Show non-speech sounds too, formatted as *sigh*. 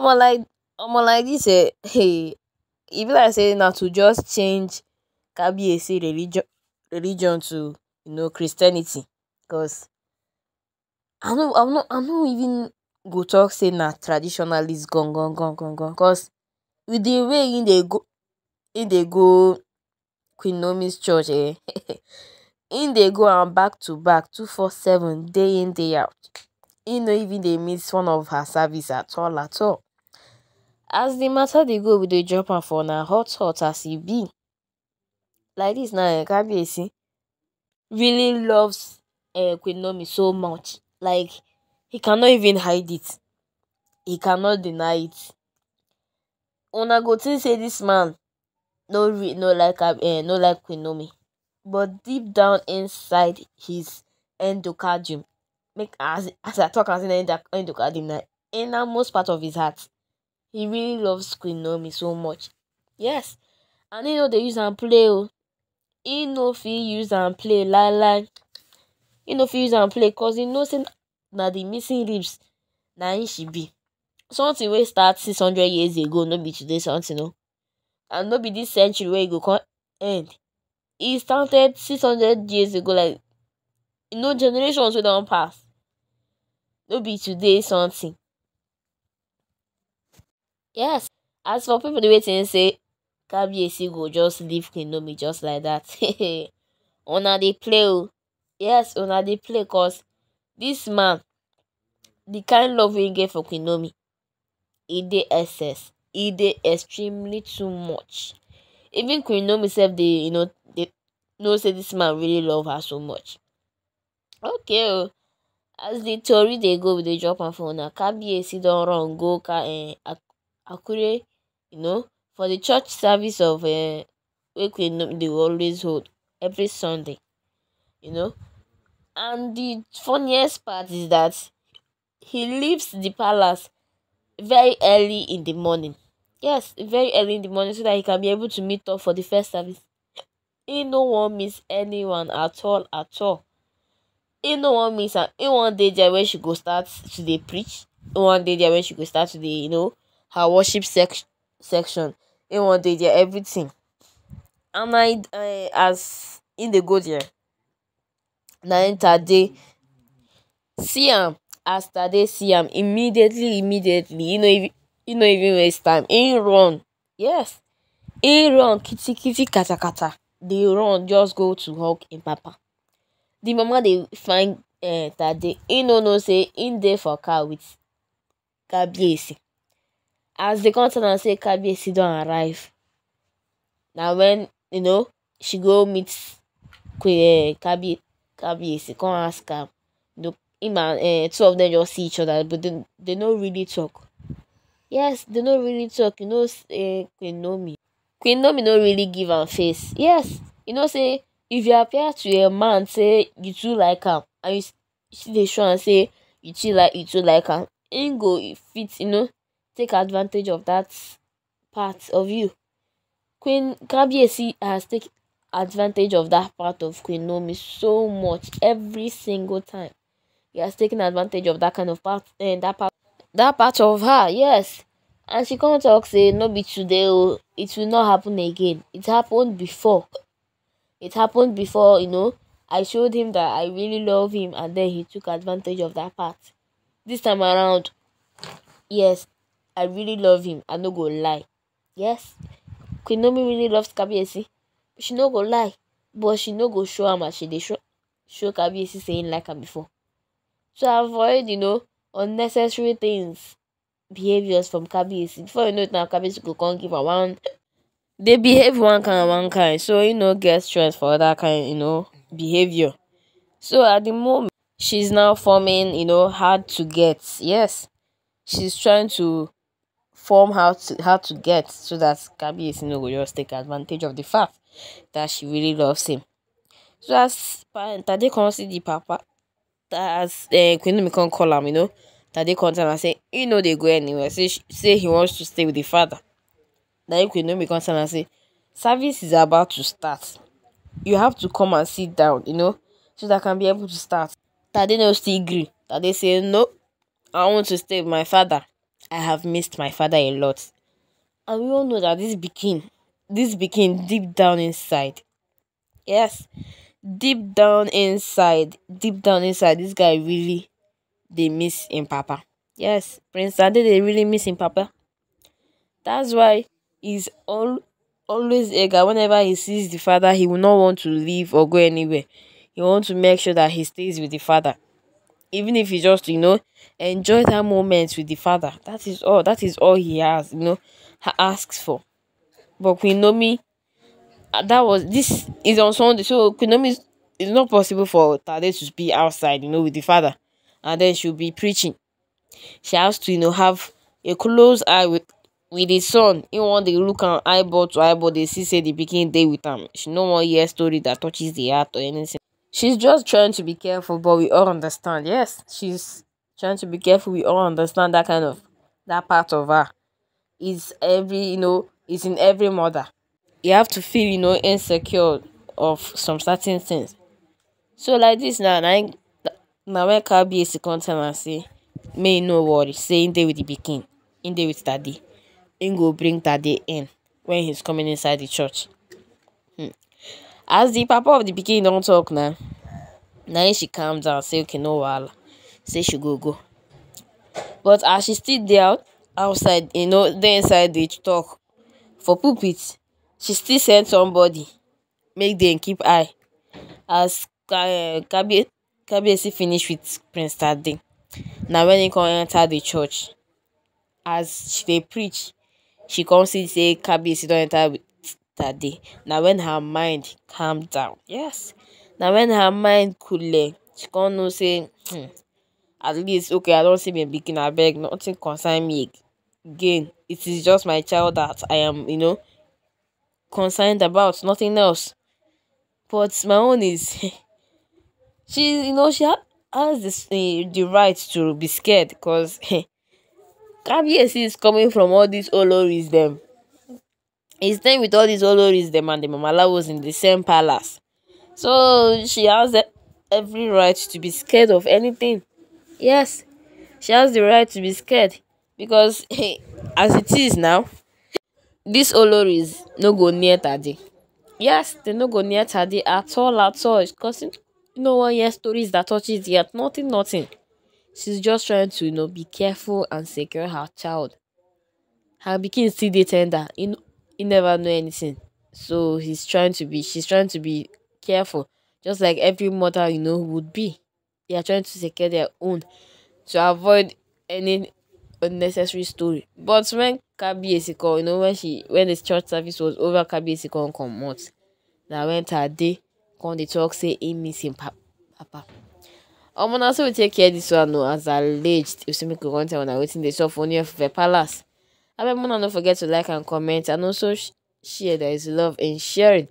more like I'm more like this. um hey, even like sey na to just change say religion religion to you know Christianity because I know I not I know even go talk sey gone traditionalist gone gone. because with the way in they go in they go Queen Naomi's church um *laughs* in they go am back to back two four seven day in day out. You know even they miss one of her service at all at all as the matter dey go we dey drop am for una hot hot as e be like dis now eh kábíyèsí really loves eh, Queen so much like he cannot even hide it he cannot deny it una go think say dis man no re no like am eh, no like Queen but deep down inside his endocardium make as as I talk as in endocardium na innermost part of his heart He really loves Queen Naomi so much. Yes, and he know they use and play oh. He no fit use and play like like. He no fit use and play cause he know say na the missing lips na he should be. Something wey start six hundred years ago no be today something no. And no be this century where wey e go come end. He started six hundred years ago like you know generations wey don't pass. No be today something. Yes. As for people waiting, say Kabiesi go just leave Kinomi just like that. *laughs* una they play o. Yes, una they play cause this man, the kind love he get for Kinomi, he did excess. he did extremely too much. Even Kinomi sef they you know, they know say this man really love her so much. Okay o. As the story they go, we dey drop am for una. don't run go ka um Akure, you know, for the church service of uh, Wekwe they always hold every Sunday, you know. And the funniest part is that he leaves the palace very early in the morning. Yes, very early in the morning so that he can be able to meet up for the first service. He no one miss anyone at all, at all. He no one miss He in one day there when she go start to the preach. One day there when she go start to the you know, her worship sec- section e want to there everything and I uh, eh, as in the go there Now im day, see him. as tade see him immediately immediately e no even e no even waste time e run yes He run Kitty, kitty, kata, kata. They run just go to hug im papa the mama they find that eh, tade e no no say In dey for car with kabiyesi as dey come tell am say kabiyesi don arrive Now when you know she go meet queen um eh, kabi kabiyesi come ask am the him and um two of them just see each other but they they no really talk yes they no really talk you know say eh, queen Nomi, queen Nomi no really give her face yes you know say if you appear to a man say you two like her, and you see dey show and say you two like you two like her, ain't go fit you know take advantage of that part of you. Queen Kabiesi has taken advantage of that part of Queen Nomi so much every single time. He has taken advantage of that kind of part and eh, that part that part of her, yes. And she can't talk say no be today it will not happen again. It happened before. It happened before, you know. I showed him that I really love him and then he took advantage of that part. This time around, yes, I really love him. I no go lie. Yes, Queen really loves Kabiesi. She no go lie, but she no go show him as she dey show show Kabiesi saying like her before. To so avoid, you know, unnecessary things, behaviors from Kabiesi. Before you know it now, Kabiesi go come give her one. They behave one kind, one kind. So you know, get stress for that kind, you know, behavior. So at the moment, she's now forming, you know, hard to get. Yes, she's trying to form how to how to get so that Kabi Esino will just take advantage of the fact that she really loves him. So as Tade can see the papa as uh, Queen can call him, you know. Tade comes and say, you know they go anywhere. Say she, say he wants to stay with the father. Then Queen comes and say, service is about to start. You have to come and sit down, you know, so that I can be able to start. Tade no still agree. Tade say no, I want to stay with my father. I have missed my father a lot. And we all know that this became, this became deep down inside. Yes, deep down inside, deep down inside, this guy really, they miss him, Papa. Yes, Prince Ade, they really miss him, Papa. That's why he's all, always eager. Whenever he sees the father, he will not want to leave or go anywhere. He wants to make sure that he stays with the father even if he just you know enjoy that moment with the father that is all that is all he has you know asks for but queen nomi uh, that was this is on sunday so queen nomi is, it's not possible for tade to be outside you know with the father and then she'll be preaching she has to you know have a close eye with with his son he want to look am eyeball to eyeball They see say the beginning day with him. she no wan hear story that touches the heart or anything she's just trying to be careful but we all understand yes she's trying to be careful we all understand that kind of that part of her is every you know is in every mother you have to feel you know insecure of some certain things so like this now now now when kbs come tell am say may no worry say in dey with the pikin in day with daddy in go bring daddy in when he's coming inside the church as the papa of the pikin don talk na na she calm down say okay no wahala say she go go but as she still dey out outside you know dey inside dey talk for pulpit she still send somebody make dem keep eye as kabiyesi eh, Kabi finish with prince tade na when e come enter the church as she dey preach she come see say kabiyesi don enter that day. Now when her mind calmed down, yes. Now when her mind cooled, she can't know say, hmm, at least okay, I don't see me begin. I beg nothing concern me again. It is just my child that I am, you know, concerned about, nothing else. But my own is, *laughs* she, you know, she has this, uh, the right to be scared because. KBS *laughs* is coming from all these Oloris them. He's staying with all these Oloris them and the Mamala was in the same palace. So she has every right to be scared of anything. Yes, she has the right to be scared because *laughs* as it is now, these Oloris no go near Tadi. Yes, they no go near Tadi at all, at all. It's causing you no know, one year stories that touches yet nothing, nothing. She's just trying to you know be careful and secure her child. Her bikini still tender. You know, he never know anything. So he's trying to be, she's trying to be careful, just like every mother, you know, would be. They are trying to secure their own to avoid any unnecessary story. But when Kabi Esiko, you know, when she when the church service was over, Kabi Esiko come out. Now when Tade come the talk say he missing him papa. Um, now take care this one no, as alleged. You see me go on tell when I waiting the shop for near the palace. I do not forget to like and comment and also share. There is love in sharing.